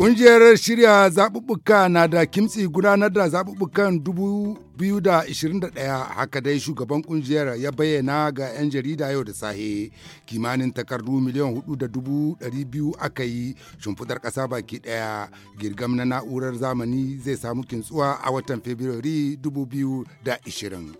Ƙungiyar shirya zaɓuɓɓuka na da kimtsi gudanar da zaɓuɓɓukan 2021 haka dai shugaban ƙungiyar ya bayyana ga 'yan jarida yau da sahe kimanin takardu miliyan 4,200 aka yi shimfiɗar ƙasa baki ɗaya girgam na na'urar zamani zai samu kintsuwa a watan Fabrairu 2020.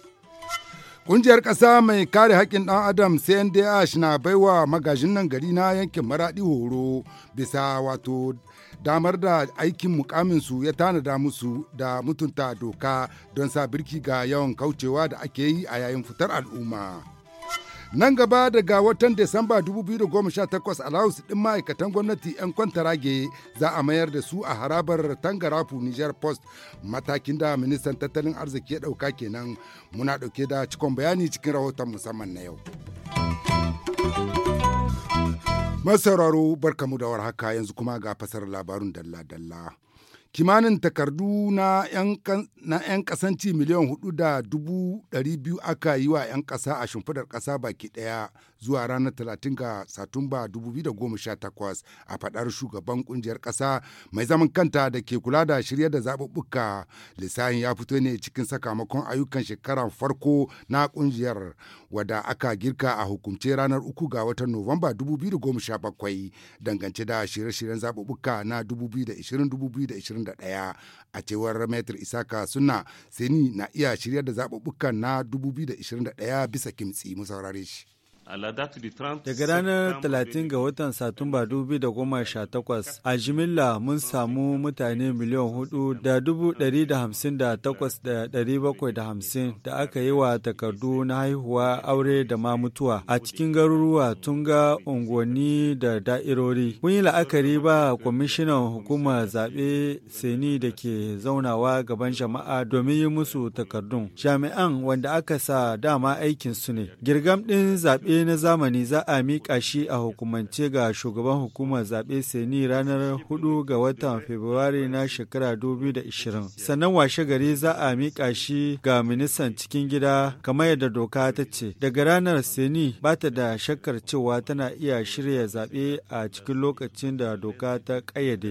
Ƙungiyar ƙasa mai kare haƙƙin ɗan Adam CNDH na baiwa magajin nan gari na yankin maraɗi horo bisa wato damar da aikin mukaminsu ya tanada musu da mutunta doka don sa birki ga yawan kaucewa da ake yi a yayin fitar al'umma. Nan gaba daga watan Desamba 2018 alawus ɗin ma'aikatan gwamnati 'yan kwantarage za a mayar da su a harabar tangarafu Niger Post matakin da ministan tattalin arziki ya ɗauka kenan muna ɗauke da cikon bayani cikin rahoton musamman na yau. Masauraro kamu da haka yanzu kuma ga fasar labarun dalla-dalla. kimanin takardu na 'yan kasanci miliyan hudu da dubu ɗari biyu aka yi wa 'yan ƙasa a shimfidar ƙasa baki ɗaya zuwa ranar 30 ga satumba 2018 a faɗar shugaban ƙungiyar ƙasa mai zaman kanta da ke kula da shirya da zaɓuɓɓuka lissahin ya fito ne cikin sakamakon ayyukan shekarar farko na ƙungiyar wada aka girka a hukumce ranar uku ga watan nuwamba 2017 dangance da shirye-shiryen zaɓuɓɓuka na 2020 2021 a cewar metr isaka suna seni na iya shirya da zaɓuɓɓukan na 2021 bisa kimtsi mu saurare shi. Daga ranar 30 ga watan Satumba 2018 a jimilla mun samu mutane miliyan 4,158,750 da da aka yi wa takardu na haihuwa aure da ma mutuwa a cikin garuruwa tun ga unguwanni da da'irori. Mun yi la'akari ba kwamishinan hukumar zaɓe seni da ke zaunawa gaban jama'a domin yi musu takardun. Jami'an wanda aka sa dama aikinsu ne. Girgam ɗin zaɓe na zamani za a miƙa shi a hukumance ga shugaban hukumar zaɓe seni ranar 4 ga watan Fabrairu na shekara 2020. Sannan washe gari za a miƙa shi ga ministan cikin gida kamar yadda doka ta ce. Daga ranar seni ba ta da shakkar cewa tana iya shirya zaɓe a cikin lokacin da doka ta ƙayyade.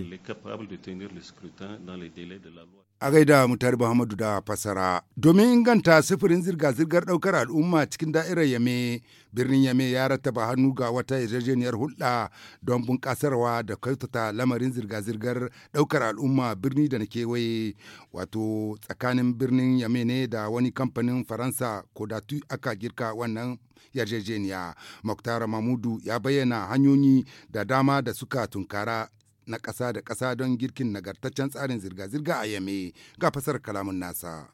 a gaida mutar Muhammadu da fasara. Domin inganta sufurin zirga-zirgar ɗaukar al'umma cikin da'irar Yame, birnin Yame ya rataba hannu ga wata yarjejeniyar hulɗa don bunƙasarwa da kautata lamarin zirga-zirgar ɗaukar al'umma birni da na kewaye, wato tsakanin birnin Yame ne da wani kamfanin Faransa ko da aka girka wannan yarjejeniya. Muktar Mamudu ya bayyana hanyoyi da dama da suka tunkara na ƙasa da ƙasa don girkin nagartaccen tsarin zirga-zirga a yame ga fasar kalamun nasa.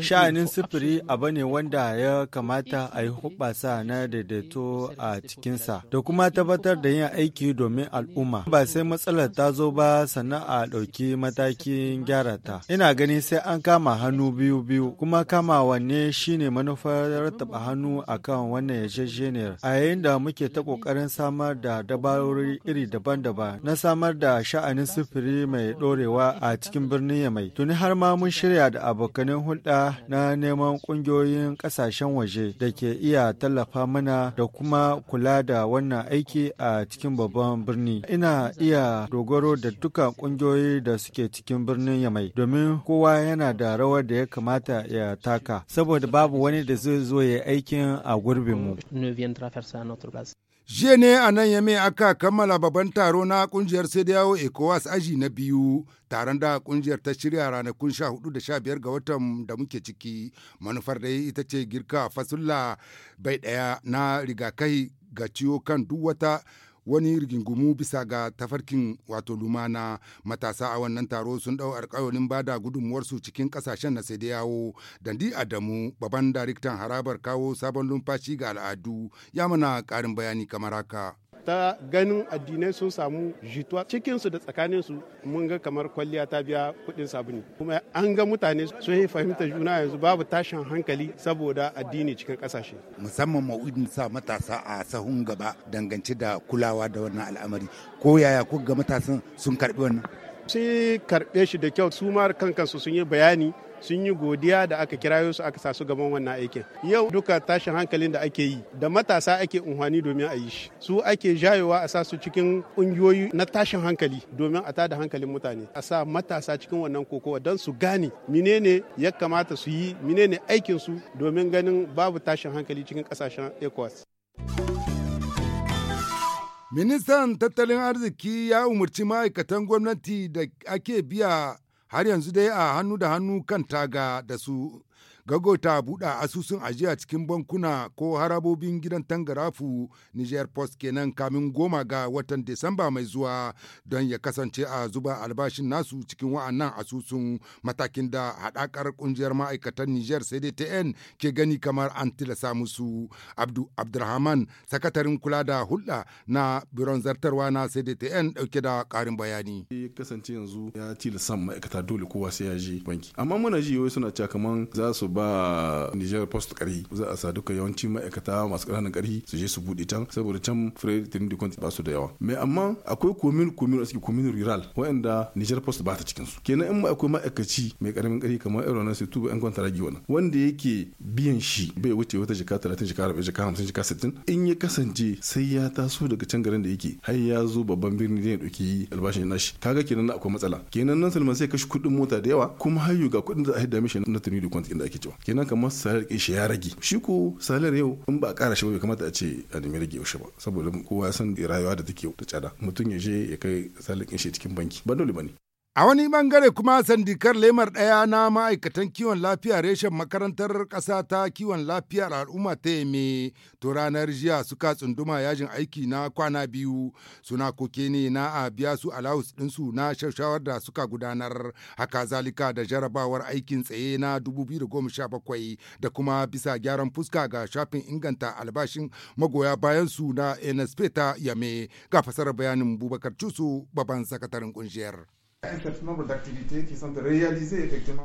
Sha'anin sufuri abu ne wanda ya kamata a yi hubasa na daidaito a cikinsa da kuma tabbatar da yin aiki domin al'umma. Ba sai matsalar ta zo ba sannan a ɗauki matakin gyara ta. Ina gani sai an kama hannu biyu biyu kuma kama wanne shine manufar taɓa hannu akan wannan yarjejeniyar. A yayin da muke ta ƙoƙarin samar da dabarori iri daban-daban na samar da sha'anin sufuri mai ɗorewa a cikin birnin Yamai. Tuni har ma mun shirya shirya da abokanin hulɗa na neman ƙungiyoyin ƙasashen waje da ke iya tallafa mana da kuma kula da wannan aiki a cikin babban birni. Ina iya dogaro da dukkan ƙungiyoyi da suke cikin birnin Yamai domin kowa yana da rawar da ya kamata ya taka saboda babu wani da zai zo ya aikin a gurbinmu. Jiya ne a nan ya mai aka kammala babban taro na kungiyar sai yawo ECOWAS aji na biyu taron da kungiyar ta shirya ranakun 14 da 15 ga watan da muke ciki manufar da ita ce girka fasulla bai daya na rigakai ga ciwo kan duk wata wani rigingumu bisa ga tafarkin wato lumana matasa a wannan taro sun dau alkawarin bada gudunmuwarsu cikin ƙasashen na sai yawo dandi adamu babban daraktan harabar kawo sabon lumfashi ga al'adu ya mana ƙarin bayani kamar haka. ta ganin addinai sun samu jituwa cikinsu da tsakaninsu mun ga kamar kwalliya ta biya kuɗin sabuni kuma an ga mutane sun yi fahimtar juna yanzu babu tashin hankali saboda addini cikin kasashe musamman ma'udin sa matasa a sahun gaba dangance da kulawa da wannan al'amari ko yaya ko ga matasan sun karɓi wannan sai karɓe shi da kyau su mar kankansu sun yi bayani sun yi godiya da aka kirayo su aka sa su gaban wannan aikin yau duka tashin hankalin da ake yi da matasa ake unhwani domin a yi shi su ake jayowa a sa su cikin ƙungiyoyi na tashin hankali domin a tada hankalin mutane a sa matasa cikin wannan kokowa don su gane menene ya kamata su yi menene aikin su domin ganin babu tashin hankali cikin kasashen ecowas. Ministan tattalin arziki ya umarci ma'aikatan gwamnati da ake biya har yanzu dai a hannu da hannu kan taga da su gago ta buɗa asusun ajiya cikin bankuna ko harabobin gidan tangarafu Niger Post kenan kamin goma ga watan Disamba mai zuwa don ya kasance a zuba albashin nasu cikin wa'annan asusun matakin da haɗakar ƙungiyar ma'aikatan Niger CDTN ke gani kamar an tilasa musu. Abdu Abdurrahman sakatarin kula da hulɗa na biron zartarwa na CDTN ɗauke da ƙarin bayani. Ya kasance yanzu ya tilasa ma'aikata dole kowa sai ya je banki. Amma muna ji wai suna cewa za su ba Niger Post ƙarhi za a sa duka yawanci ma'aikata masu ƙananan ƙarhi su je su buɗe can saboda can Fred Trinity Conti ba su da yawa mai amma akwai komin komin a cikin komin rural waɗanda Niger Post ba ta cikin su kenan in akwai ma'aikaci mai ƙaramin ƙarhi kamar irin na su tuba ƴan ragi wannan wanda yake biyan shi bai wuce wata jaka 30 jaka 40 jaka 50 jaka 60 in ya kasance sai ya taso daga can garin da yake har ya zo babban birni ne ya ɗauki albashin nashi kaga kenan akwai matsala kenan nan Salman sai kashi kuɗin mota da yawa kuma har ga kuɗin da a haida mishi na Trinity Conti inda ake kyau kenan kamar salar kishi ya rage shi ko salar yau in ba a kara shi ba bai kamata a ce a nemi rage yaushe ba saboda kowa san rayuwa da take ta tsada mutum ya je ya kai salar kishi cikin banki ba dole ba ne A wani bangare kuma sandikar lemar ɗaya na ma'aikatan kiwon lafiya reshen makarantar ƙasa ta kiwon lafiyar al'umma ta yame to ranar jiya suka tsunduma yajin aiki na kwana biyu suna koke ne na a biya su alawus ɗinsu na shawar da suka gudanar haka zalika da jarabawar aikin tsaye na 2017 da kuma bisa gyaran fuska ga shafin inganta albashin magoya bayan su na nsp ta yame ga fasarar bayanin bubakar cusu babban sakataren ƙungiyar.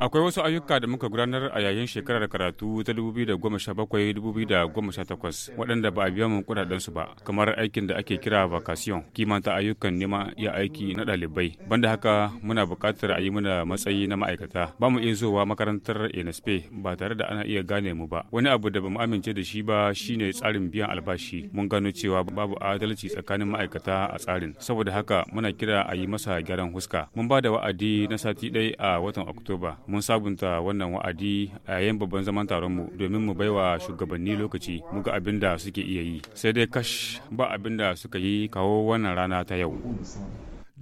Akwai wasu ayyuka da muka gudanar a yayin shekarar karatu ta 2017-2018 waɗanda ba a biya mu su ba, kamar aikin da ake kira vacation, kimanta ayyukan nema ya aiki na ɗalibai. Banda haka muna buƙatar a yi mana matsayi na ma'aikata. Ba mu iya zuwa makarantar NSP ba tare da ana iya gane mu ba. Wani abu da ba mu amince da shi ba shine tsarin biyan albashi. Mun gano cewa babu adalci tsakanin ma'aikata a tsarin. Saboda haka muna kira a yi masa gyaran huska. Mun ba da wa'adi na sati ɗaya a watan Oktoba. Mun sabunta wannan wa'adi a yayin babban zaman taron mu domin mu baiwa shugabanni lokaci mu ga abin da suke iya yi. Sai dai kash ba abin da suka yi kawo wannan rana ta yau.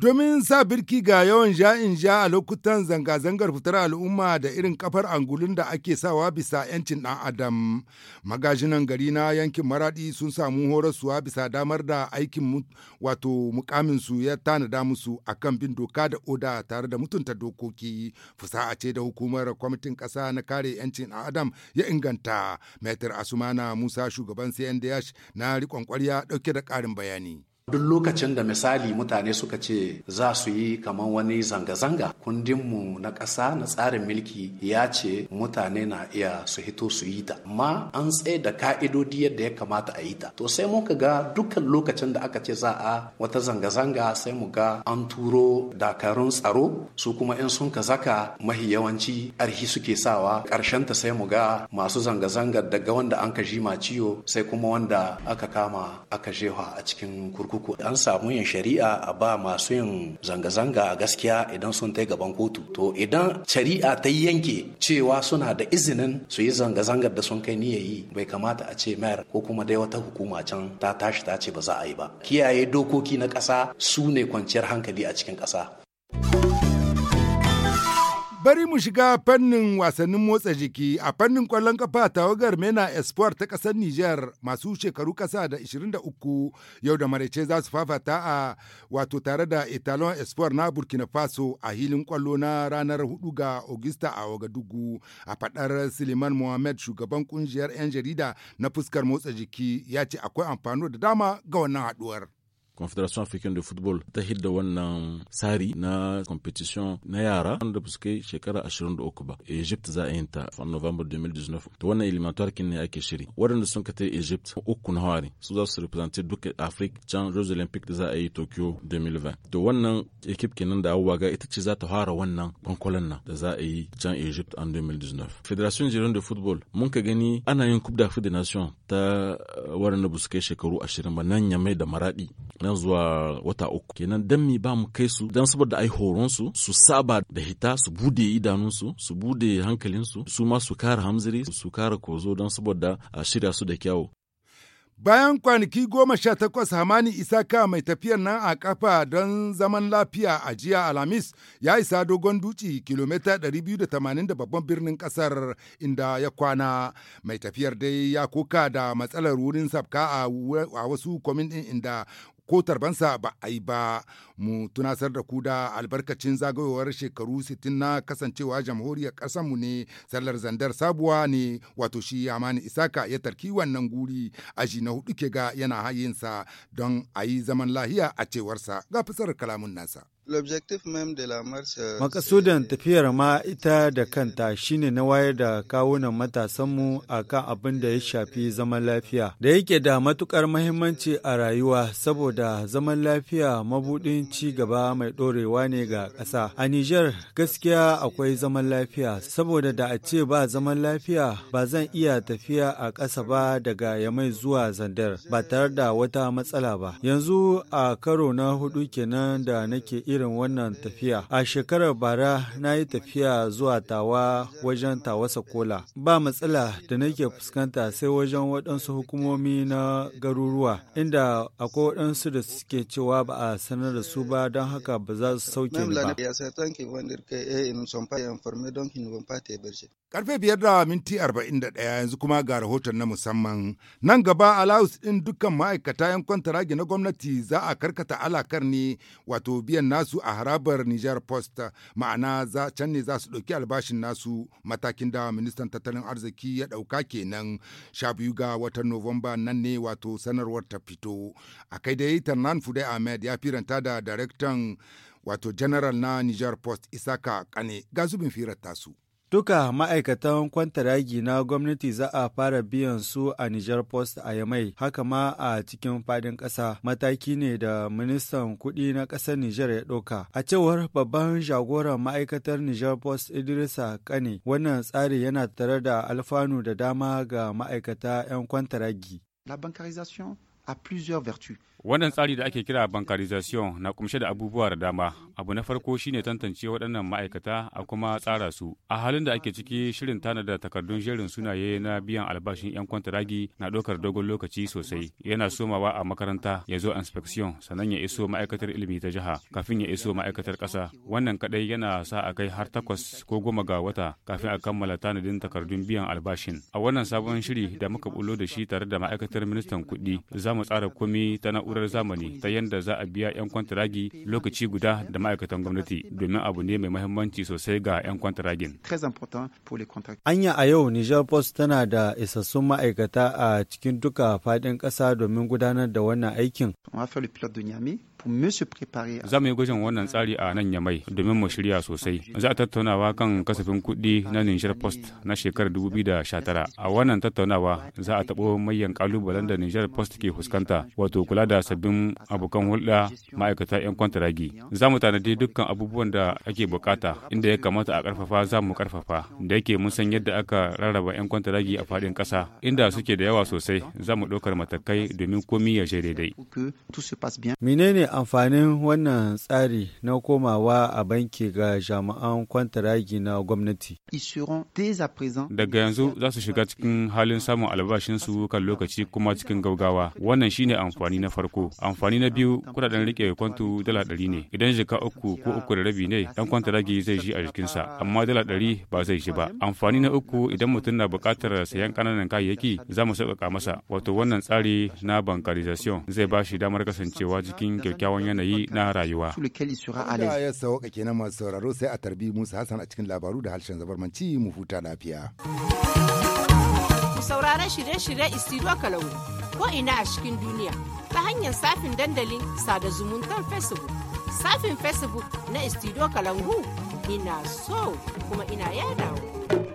domin sa birki ga yawan ja'in ja a lokutan zanga-zangar fitar al'umma da irin kafar angulun da ake sawa bisa 'yancin ɗan adam magajinan gari na yankin maradi sun samu horaswa bisa damar da aikin wato mukaminsu su ya tanada musu akan bin doka da oda tare da mutunta dokoki fusa'a ce da hukumar kwamitin ƙasa na kare 'yancin ɗan adam ya inganta Maitar asumana musa shugaban cndh na riƙon ƙwarya ɗauke da ƙarin bayani Duk lokacin da misali mutane suka ce za su yi kamar wani zanga-zanga kundinmu na ƙasa na tsarin milki ya ce mutane na iya su hito su yi ta. Amma an tsaye da ka'idodi yadda ya kamata a yi ta. To sai muka ga dukkan lokacin da aka ce za a wata zanga-zanga sai mu ga an turo dakarun tsaro su kuma in sun ka zaka mahi yawanci arhi suke sawa ta sai mu ga masu zanga-zangar daga wanda an ka ma ciwo sai kuma wanda aka kama aka jefa a cikin kurkuku. kurkuku an samu yin shari'a a ba masu yin zanga-zanga a gaskiya idan sun tai gaban kotu to idan shari'a ta yanke cewa suna da izinin su yi zanga-zangar da sun kai niyya yi bai kamata a ce mayar ko kuma dai wata hukuma can ta tashi ta ce ba za a yi ba kiyaye dokoki na ƙasa su ne kwanciyar hankali a cikin ƙasa. Bari mu shiga fannin wasannin motsa jiki a fannin kwallon kafa tawagar Mena Espoir ta ƙasar Nijar masu shekaru ƙasa da 23 yau da maraice za su fafata a wato tare da Italon Espoir na Burkina Faso a hilin kwallo na ranar 4 ga Augusta a Wagadugu a fadar Suleiman Mohamed shugaban kungiyar 'yan jarida na fuskar motsa jiki ya ce akwai amfani da dama ga wannan haɗuwar. confederation africaine de football ta hidda wannan tsari na competition na yara wanda ba su kai shekara 23 ba egypt za a yin ta a november 2019 to wannan eliminatoire kin ne ake shiri waɗanda sun ka ta egypt uku na hawari su za su representer duka africa can rose olympic da za a yi tokyo 2020 to wannan ekip kenan da abubuwa ga ita ce za ta fara wannan kwankwalan nan da za a yi can egypt an 2019 federation jiran de football mun ka gani ana yin coupe d'afrique de nation ta waɗanda ba su kai shekaru 20 ba nan ya mai da maradi dan zuwa wata uku kenan dan mi ba mu kai su dan saboda ai horon su su saba da hita su bude idanunsu su bude hankalinsu su ma su kara hamziri su kara kozo dan saboda a shirya su da kyawu Bayan kwanaki goma sha takwas Hamani Isaka mai tafiyar nan a kafa don zaman lafiya a jiya Alhamis ya isa dogon duci kilomita 280 da babban birnin kasar inda ya kwana. Mai tafiyar dai ya koka da matsalar wurin sabka a wasu kwamin inda ko tarbansa ba a yi ba mu tunasar da ku da albarkacin zagayowar shekaru 60 na kasancewa jamhuriyar mu ne sallar zandar sabuwa ne wato shi amani isaka ya tarki wannan guri aji na hudu ke ga yana hayinsa don a yi zaman lahiya a cewarsa ga fasar kalamun nasa. Euh, Makasudan tafiyar ma ita da kanta shine na wayar da kawunan matasanmu a kan abin da ya shafi zaman lafiya. Da yake da matukar mahimmanci a rayuwa saboda zaman lafiya mabudin ci gaba mai ɗorewa ne ga ƙasa. A Nijar gaskiya akwai zaman lafiya saboda da a ce ba zaman lafiya ba zan iya tafiya a ƙasa ba daga Yamai zuwa Zandar ba tare da wata matsala ba. Yanzu a karo na hudu kenan da nake iya irin wannan tafiya. A shekarar bara na yi tafiya zuwa tawa wajen tawa Sakola. Ba matsala da nake fuskanta sai wajen waɗansu hukumomi na garuruwa inda akwai waɗansu da suke cewa ba a sanar da su ba don haka ba za su sauke ba. Karfe biyar da minti arba'in da ɗaya yanzu kuma ga rahoton na musamman. Nan gaba alaus ɗin dukkan ma'aikata yan rage na gwamnati za a karkata alakar ne wato biyan nasu a harabar Niger Post ma'ana za can ne za su ɗauki albashin nasu matakin da ministan tattalin arziki ya ɗauka kenan sha biyu ga watan Nuwamba nan ne wato sanarwar ta fito. A kai dai Tarnan Fudai Ahmed ya firanta da daraktan wato general na Niger Post Isaka Kane ga zubin firar tasu. Duka ma'aikatan kwantaragi na gwamnati za a fara biyan su a Niger Post a Yamai, haka ma a cikin fadin ƙasa mataki ne da ministan kuɗi na ƙasar Niger ya ɗauka. A cewar babban jagoran ma'aikatar Niger Post Idrisa Kane, wannan tsari yana tare da alfanu da dama ga ma'aikata 'yan kwantaragi. La bancarisation a Wannan tsari da ake kira bankarization na kumshe da abubuwa da dama. Abu na farko shine tantance waɗannan ma'aikata a kuma tsara su. A halin da ake ciki shirin tanada takardun jerin sunaye na biyan albashin 'yan kwantaragi na ɗaukar dogon lokaci sosai. Yana somawa a makaranta ya zo inspection sannan ya iso ma'aikatar ilimi ta jiha kafin ya iso ma'aikatar ƙasa. Wannan kaɗai yana sa a kai har takwas ko goma ga wata kafin a kammala tanadin takardun biyan albashin. A wannan sabon shiri da muka bulo da shi tare da ma'aikatar ministan kuɗi za mu tsara komi ta na'urar zamani ta yadda za a biya 'yan kwantaragi lokaci guda da ma'aikatan gwamnati domin abu ne mai mahimmanci sosai ga 'yan kwantaragin. Anya a yau Niger Post tana da isassun ma'aikata a cikin duka faɗin ƙasa domin gudanar da wannan aikin. Za mu yi gwajin wannan tsari a nan Yamai domin mu shirya sosai. Za a tattaunawa kan kasafin kuɗi na Niger Post na shekarar 2019. A wannan tattaunawa za a taɓo mayan kalubalen da Niger Post ke fuskanta wato kula da sabbin abokan hulɗa ma'aikata 'yan kwantaragi. Za mu tanadi dukkan abubuwan da ake bukata inda ya kamata a karfafa za mu ƙarfafa da yake mun san yadda aka rarraba 'yan kwantaragi a faɗin ƙasa inda suke da yawa sosai za mu ɗaukar matakai domin komi ya daidai. Menene amfanin wannan tsari na komawa a banki ga jami'an kwantaragi na gwamnati? Daga yanzu za su shiga cikin halin samun albashinsu kan lokaci kuma cikin gaugawa. Wannan shine amfani na farko. Amfani na biyu kudaden rike kwanto dala ɗari ne. Idan shiga uku ko uku da rabi ne, ɗan kwantaragi zai ji a jikinsa, amma dala ɗari ba zai ji ba. Amfani na uku idan mutum na buƙatar sayan ƙananan kayayyaki za mu sauƙaƙa masa. Wato wannan tsari na bankarization zai ba shi damar kasancewa cikin kyakkyawan yanayi na rayuwa. Wanda ya sauka kenan masu sauraro sai a tarbi Musa Hassan a cikin labaru da harshen zabarmanci mu huta lafiya. Ku saurara shirye-shirye Istiro Kalau ko ina a cikin duniya ta hanyar safin dandalin sada zumuntar Facebook. Safin Facebook na Istiro Kalangu ina so kuma ina yadawa.